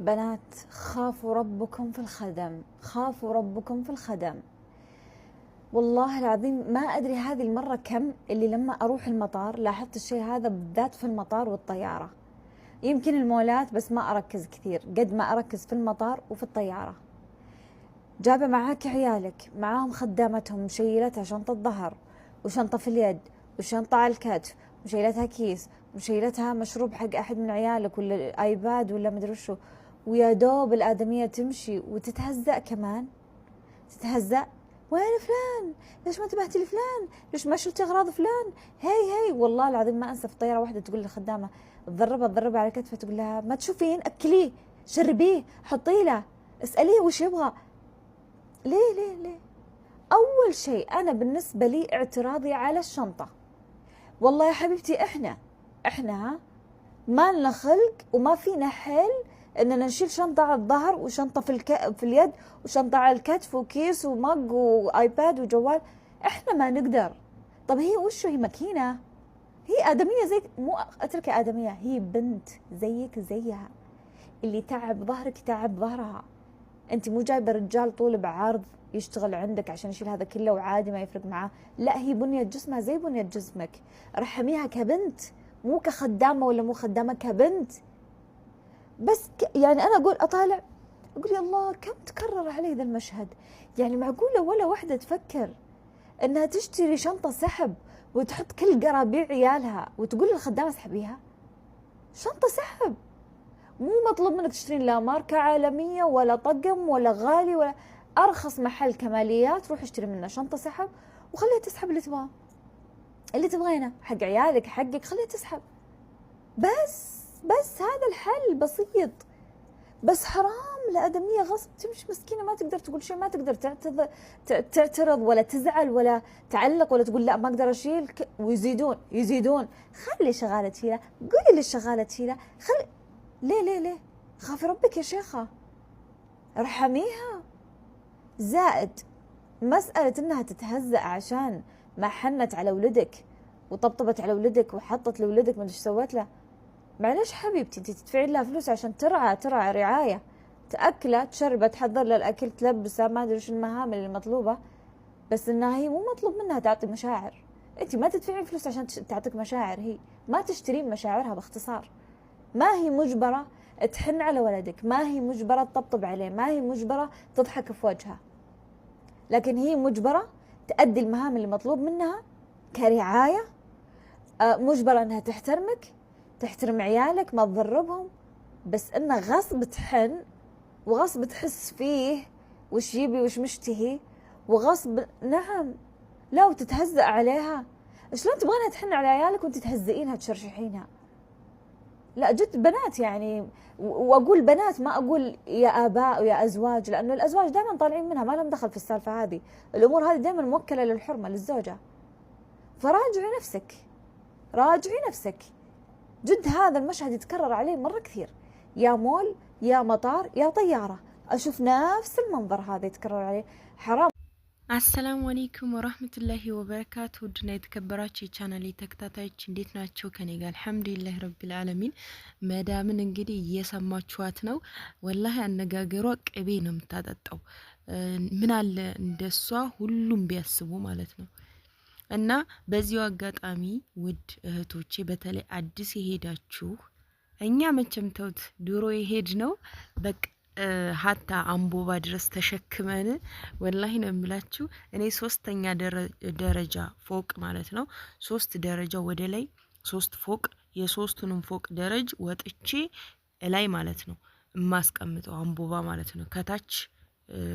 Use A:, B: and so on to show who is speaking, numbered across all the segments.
A: بنات خافوا ربكم في الخدم خافوا ربكم في الخدم والله العظيم ما أدري هذه المرة كم اللي لما أروح المطار لاحظت الشيء هذا بالذات في المطار والطيارة يمكن المولات بس ما أركز كثير قد ما أركز في المطار وفي الطيارة جابة معاك عيالك معاهم خدامتهم مشيلتها شنطة ظهر وشنطة في اليد وشنطة على الكتف مشيلتها كيس مشيلتها مشروب حق أحد من عيالك ولا آيباد ولا مدري وشو ويا دوب الآدمية تمشي وتتهزأ كمان تتهزأ وين فلان؟ ليش ما انتبهتي لفلان؟ ليش ما شلتي اغراض فلان؟ هي هي والله العظيم ما انسى في طياره واحده تقول للخدامه تضربها تضربها على كتفها تقول لها ما تشوفين اكليه شربيه حطي له اساليه وش يبغى ليه ليه ليه اول شيء انا بالنسبه لي اعتراضي على الشنطه والله يا حبيبتي احنا احنا ها ما لنا خلق وما فينا حيل اننا نشيل شنطه على الظهر وشنطه في الك... في اليد وشنطه على الكتف وكيس ومج وايباد وجوال احنا ما نقدر طب هي وشو هي ماكينه هي ادميه زيك مو اترك ادميه هي بنت زيك زيها اللي تعب ظهرك تعب ظهرها انت مو جايبه رجال طول بعرض يشتغل عندك عشان يشيل هذا كله وعادي ما يفرق معاه لا هي بنيه جسمها زي بنيه جسمك رحميها كبنت مو كخدامه ولا مو خدامه كبنت بس يعني انا اقول اطالع اقول يا الله كم تكرر علي ذا المشهد يعني معقوله ولا واحده تفكر انها تشتري شنطه سحب وتحط كل قرابيع عيالها وتقول للخدامه اسحبيها شنطه سحب مو مطلوب منك تشترين لا ماركه عالميه ولا طقم ولا غالي ولا ارخص محل كماليات روح اشتري منه شنطه سحب وخليها تسحب اللي تبغاه اللي تبغينه حق عيالك حقك خليها تسحب بس بس هذا الحل بسيط بس حرام لآدمية غصب تمشي مسكينة ما تقدر تقول شيء ما تقدر تعتذر تعترض ولا تزعل ولا تعلق ولا تقول لا ما أقدر أشيل ويزيدون يزيدون خلي شغالة تشيلها قولي للشغالة تشيلها خلي ليه ليه ليه خافي ربك يا شيخة ارحميها زائد مسألة إنها تتهزأ عشان ما حنت على ولدك وطبطبت على ولدك وحطت لولدك ما سوت له معلش حبيبتي انت تدفعين لها فلوس عشان ترعى ترعى رعاية تأكله تشربه تحضر لها الأكل تلبسه ما أدري شو المهام اللي مطلوبة بس إنها هي مو مطلوب منها تعطي مشاعر أنت ما تدفعين فلوس عشان تعطيك مشاعر هي ما تشترين مشاعرها باختصار ما هي مجبرة تحن على ولدك ما هي مجبرة تطبطب عليه ما هي مجبرة تضحك في وجهه لكن هي مجبرة تأدي المهام اللي مطلوب منها كرعاية آه، مجبرة أنها تحترمك تحترم عيالك ما تضربهم بس انه غصب تحن وغصب تحس فيه وش يبي وش مشتهي وغصب نعم لا وتتهزأ عليها شلون تبغينها تحن على عيالك وانت تهزئينها تشرشحينها لا جد بنات يعني واقول بنات ما اقول يا اباء ويا ازواج لانه الازواج دائما طالعين منها ما لهم دخل في السالفه هذه الامور هذه دائما موكله للحرمه للزوجه فراجعي نفسك راجعي نفسك جد هذا المشهد يتكرر عليه مرة كثير يا مول يا مطار يا طيارة أشوف نفس المنظر هذا يتكرر عليه حرام
B: السلام عليكم ورحمة الله وبركاته ودنا يتكبرات شي تشانا لي تكتاتاي تشديت ناتشو قال الحمد لله رب العالمين مدام انقدي يسمى تشواتنو والله انقا قروك ابينم تادتو أه، من اللي اندسوا هلوم بيسبو እና በዚሁ አጋጣሚ ውድ እህቶቼ በተለይ አዲስ የሄዳችሁ እኛ መቼም ተውት ድሮ የሄድ ነው በቃ ሀታ አምቦባ ድረስ ተሸክመን ወላሂ ነው የምላችሁ። እኔ ሶስተኛ ደረጃ ፎቅ ማለት ነው ሶስት ደረጃ ወደ ላይ ሶስት ፎቅ የሶስቱንም ፎቅ ደረጅ ወጥቼ እላይ ማለት ነው የማስቀምጠው አምቦባ ማለት ነው ከታች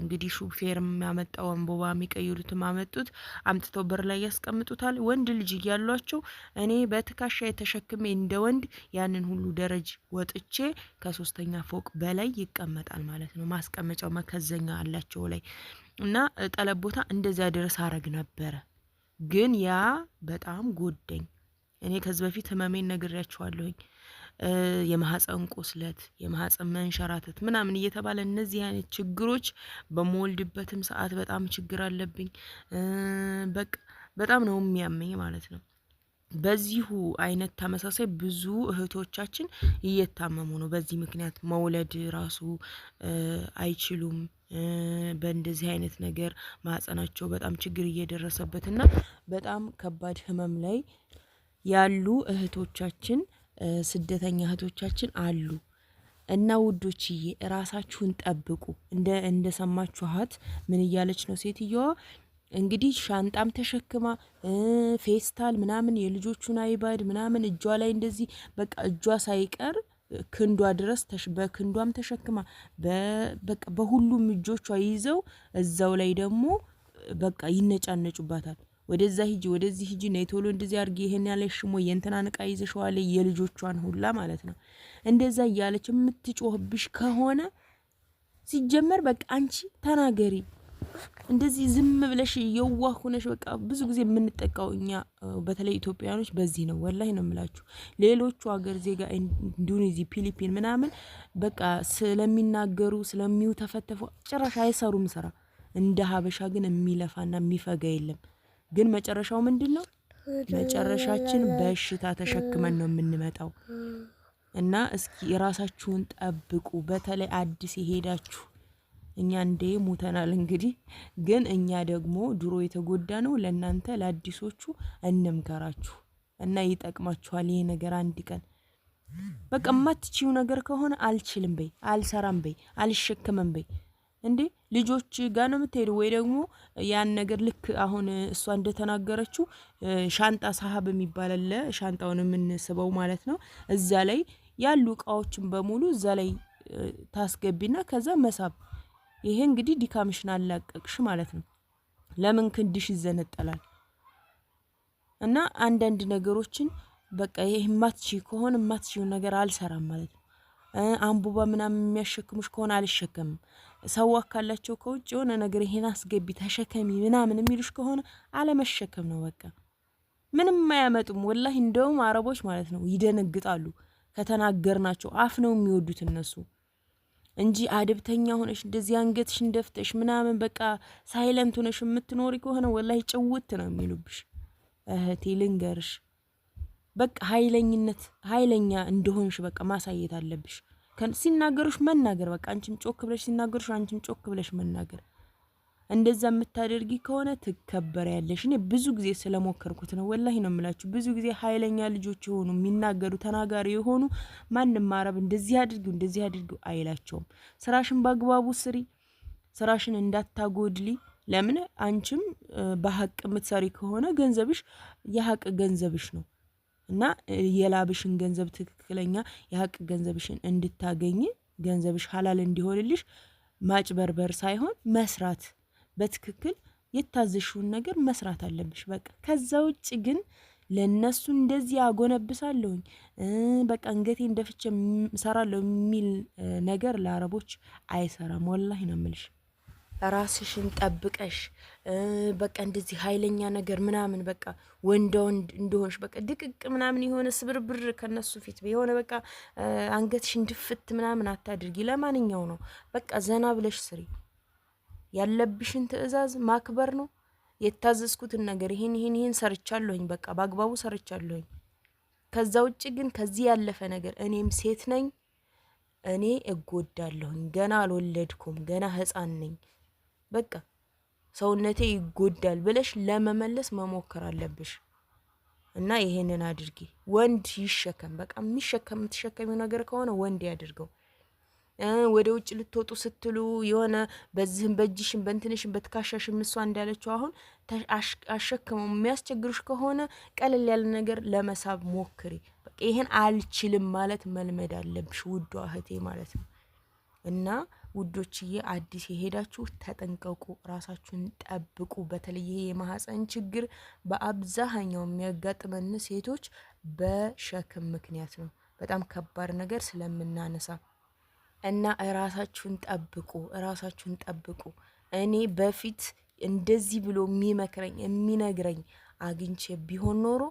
B: እንግዲህ ሹፌር የሚያመጣው አንቦባ የሚቀይሩትም ማመጡት አምጥተው በር ላይ ያስቀምጡታል። ወንድ ልጅ እያሏቸው እኔ በትከሻ የተሸክሜ እንደ ወንድ ያንን ሁሉ ደረጅ ወጥቼ ከሶስተኛ ፎቅ በላይ ይቀመጣል ማለት ነው። ማስቀመጫው መከዘኛ አላቸው ላይ እና ጠለብ ቦታ እንደዚያ ድረስ አረግ ነበረ። ግን ያ በጣም ጎደኝ። እኔ ከዚህ በፊት ህመሜን ነግሬያቸዋለሁኝ። የማህፀን ቁስለት፣ የማህፀን መንሸራተት ምናምን እየተባለ እነዚህ አይነት ችግሮች በምወልድበትም ሰዓት በጣም ችግር አለብኝ። በቃ በጣም ነው የሚያመኝ ማለት ነው። በዚሁ አይነት ተመሳሳይ ብዙ እህቶቻችን እየታመሙ ነው። በዚህ ምክንያት መውለድ ራሱ አይችሉም። በእንደዚህ አይነት ነገር ማህፀናቸው በጣም ችግር እየደረሰበትና በጣም ከባድ ህመም ላይ ያሉ እህቶቻችን ስደተኛ እህቶቻችን አሉ እና ውዶችዬ ራሳችሁን ጠብቁ። እንደ እንደሰማችኋት ምን እያለች ነው ሴትየዋ? እንግዲህ ሻንጣም ተሸክማ ፌስታል ምናምን የልጆቹን አይባድ ምናምን እጇ ላይ እንደዚህ በቃ እጇ ሳይቀር ክንዷ ድረስ በክንዷም ተሸክማ በቃ በሁሉም እጆቿ ይዘው እዛው ላይ ደግሞ በቃ ይነጫነጩባታል። ወደዛ ሂጂ፣ ወደዚህ ሂጂ፣ ነይ ቶሎ እንደዚህ አድርጊ፣ ይሄን ያለሽ ሽሞ የእንትና ንቃ ይዘሽዋል፣ የልጆቿን ሁላ ማለት ነው። እንደዛ እያለች የምትጮህብሽ ከሆነ ሲጀመር በቃ አንቺ ተናገሪ። እንደዚህ ዝም ብለሽ የዋህ ሆነሽ በቃ ብዙ ጊዜ የምንጠቃው እኛ በተለይ ኢትዮጵያውያኖች በዚህ ነው። ወላይ ነው የምላችሁ። ሌሎቹ ሀገር ዜጋ ኢንዶኔዚ፣ ፊሊፒን ምናምን በቃ ስለሚናገሩ ስለሚው ተፈተፉ ጭራሽ አይሰሩም ስራ። እንደ ሀበሻ ግን የሚለፋና የሚፈጋ የለም። ግን መጨረሻው ምንድን ነው? መጨረሻችን በሽታ ተሸክመን ነው የምንመጣው። እና እስኪ የራሳችሁን ጠብቁ። በተለይ አዲስ የሄዳችሁ እኛ እንዴ ሞተናል እንግዲህ፣ ግን እኛ ደግሞ ድሮ የተጎዳ ነው ለእናንተ ለአዲሶቹ እንምከራችሁ እና ይጠቅማችኋል። ይሄ ነገር አንድ ቀን በቃ የማትችይው ነገር ከሆነ አልችልም በይ፣ አልሰራም በይ፣ አልሸከመም በይ እንዴ ልጆች ጋር ነው የምትሄደው ወይ ደግሞ ያን ነገር ልክ አሁን እሷ እንደተናገረችው ሻንጣ ሳሀብ የሚባል አለ። ሻንጣውን የምንስበው ማለት ነው። እዛ ላይ ያሉ እቃዎችን በሙሉ እዛ ላይ ታስገቢና ከዛ መሳብ። ይሄ እንግዲህ ዲካምሽን አላቀቅሽ ማለት ነው። ለምን ክንድሽ ይዘነጠላል? እና አንዳንድ ነገሮችን በቃ ይሄ ማትሺ ከሆነ ማትሺውን ነገር አልሰራም ማለት ነው። አንቡባ ምናምን የሚያሸክሙሽ ከሆነ አልሸከምም። ሰው ካላቸው ከውጭ የሆነ ነገር ይሄን አስገቢ ተሸከሚ ምናምን የሚሉሽ ከሆነ አለመሸከም ነው በቃ። ምንም አያመጡም ወላሂ። እንደውም አረቦች ማለት ነው ይደነግጣሉ ከተናገር ናቸው። አፍ ነው የሚወዱት እነሱ እንጂ አድብተኛ ሆነሽ እንደዚህ አንገትሽ እንደፍተሽ ምናምን በቃ ሳይለንት ሆነሽ የምትኖሪ ከሆነ ወላሂ ጭውት ነው የሚሉብሽ። እህቴ ልንገርሽ በቃ ኃይለኝነት ኃይለኛ እንደሆንሽ በቃ ማሳየት አለብሽ። ሲናገሩሽ መናገር በቃ አንቺም ጮክ ብለሽ ሲናገሩሽ አንቺም ጮክ ብለሽ መናገር። እንደዛ የምታደርጊ ከሆነ ያለሽ። እኔ ብዙ ጊዜ ስለሞከርኩት ነው ወላሂ ነው የምላችሁ። ብዙ ጊዜ ኃይለኛ ልጆች የሆኑ የሚናገሩ ተናጋሪ የሆኑ ማንም አረብ እንደዚህ አድርጊው እንደዚህ አድርጊው አይላቸውም። ስራሽን በአግባቡ ስሪ፣ ስራሽን እንዳታጎድሊ ለምን አንቺም በሀቅ የምትሰሪ ከሆነ ገንዘብሽ የሀቅ ገንዘብሽ ነው። እና የላብሽን ገንዘብ ትክክለኛ የሀቅ ገንዘብሽን እንድታገኝ ገንዘብሽ ሀላል እንዲሆንልሽ ማጭበርበር ሳይሆን መስራት በትክክል የታዘሽውን ነገር መስራት አለብሽ። በቃ ከዛ ውጭ ግን ለእነሱ እንደዚህ አጎነብሳለሁኝ በቃ እንገቴ እንደፍቼ ሰራለሁ የሚል ነገር ለአረቦች አይሰራም። ወላሂ ነው ራስሽን ጠብቀሽ በቃ እንደዚህ ኃይለኛ ነገር ምናምን በቃ ወንደ ወንድ እንደሆንሽ በቃ ድቅቅ ምናምን የሆነ ስብርብር ከነሱ ፊት የሆነ በቃ አንገትሽን ድፍት ምናምን አታድርጊ። ለማንኛው ነው በቃ ዘና ብለሽ ስሪ። ያለብሽን ትዕዛዝ ማክበር ነው። የታዘዝኩትን ነገር ይህን ይህን ይህን ሰርቻለሁኝ፣ በቃ በአግባቡ ሰርቻለሁኝ። ከዛ ውጭ ግን ከዚህ ያለፈ ነገር እኔም ሴት ነኝ፣ እኔ እጎዳለሁኝ፣ ገና አልወለድኩም፣ ገና ህፃን ነኝ በቃ ሰውነቴ ይጎዳል ብለሽ ለመመለስ መሞከር አለብሽ። እና ይሄንን አድርጊ። ወንድ ይሸከም፣ በቃ የሚሸከም የምትሸከሚው ነገር ከሆነ ወንድ ያድርገው። ወደ ውጭ ልትወጡ ስትሉ የሆነ በዚህም በእጅሽም በእንትንሽም በትካሻሽም እሷ እንዳለችው አሁን አሸክመው የሚያስቸግሩሽ ከሆነ ቀለል ያለ ነገር ለመሳብ ሞክሪ። በቃ ይሄን አልችልም ማለት መልመድ አለብሽ ውዷ እህቴ ማለት ነው እና ውዶችዬ አዲስ የሄዳችሁ ተጠንቀቁ፣ ራሳችሁን ጠብቁ። በተለይ ይሄ የማህፀን ችግር በአብዛኛው የሚያጋጥመን ሴቶች በሸክም ምክንያት ነው። በጣም ከባድ ነገር ስለምናነሳ እና ራሳችሁን ጠብቁ፣ ራሳችሁን ጠብቁ። እኔ በፊት እንደዚህ ብሎ የሚመክረኝ የሚነግረኝ አግኝቼ ቢሆን ኖሮ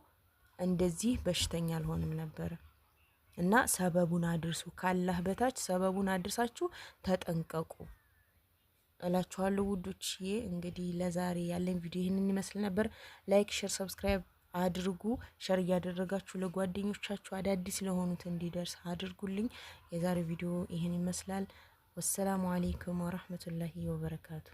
B: እንደዚህ በሽተኛ አልሆንም ነበረ። እና ሰበቡን አድርሱ። ካላህ በታች ሰበቡን አድርሳችሁ ተጠንቀቁ እላችኋለሁ ውዶችዬ። እንግዲህ ለዛሬ ያለን ቪዲዮ ይህንን ይመስል ነበር። ላይክ፣ ሼር፣ ሰብስክራይብ አድርጉ። ሸር እያደረጋችሁ ለጓደኞቻችሁ አዳዲስ ለሆኑት እንዲደርስ አድርጉልኝ። የዛሬ ቪዲዮ ይህን ይመስላል። ወሰላሙ አሌይኩም ወረህመቱላሂ ወበረካቱ።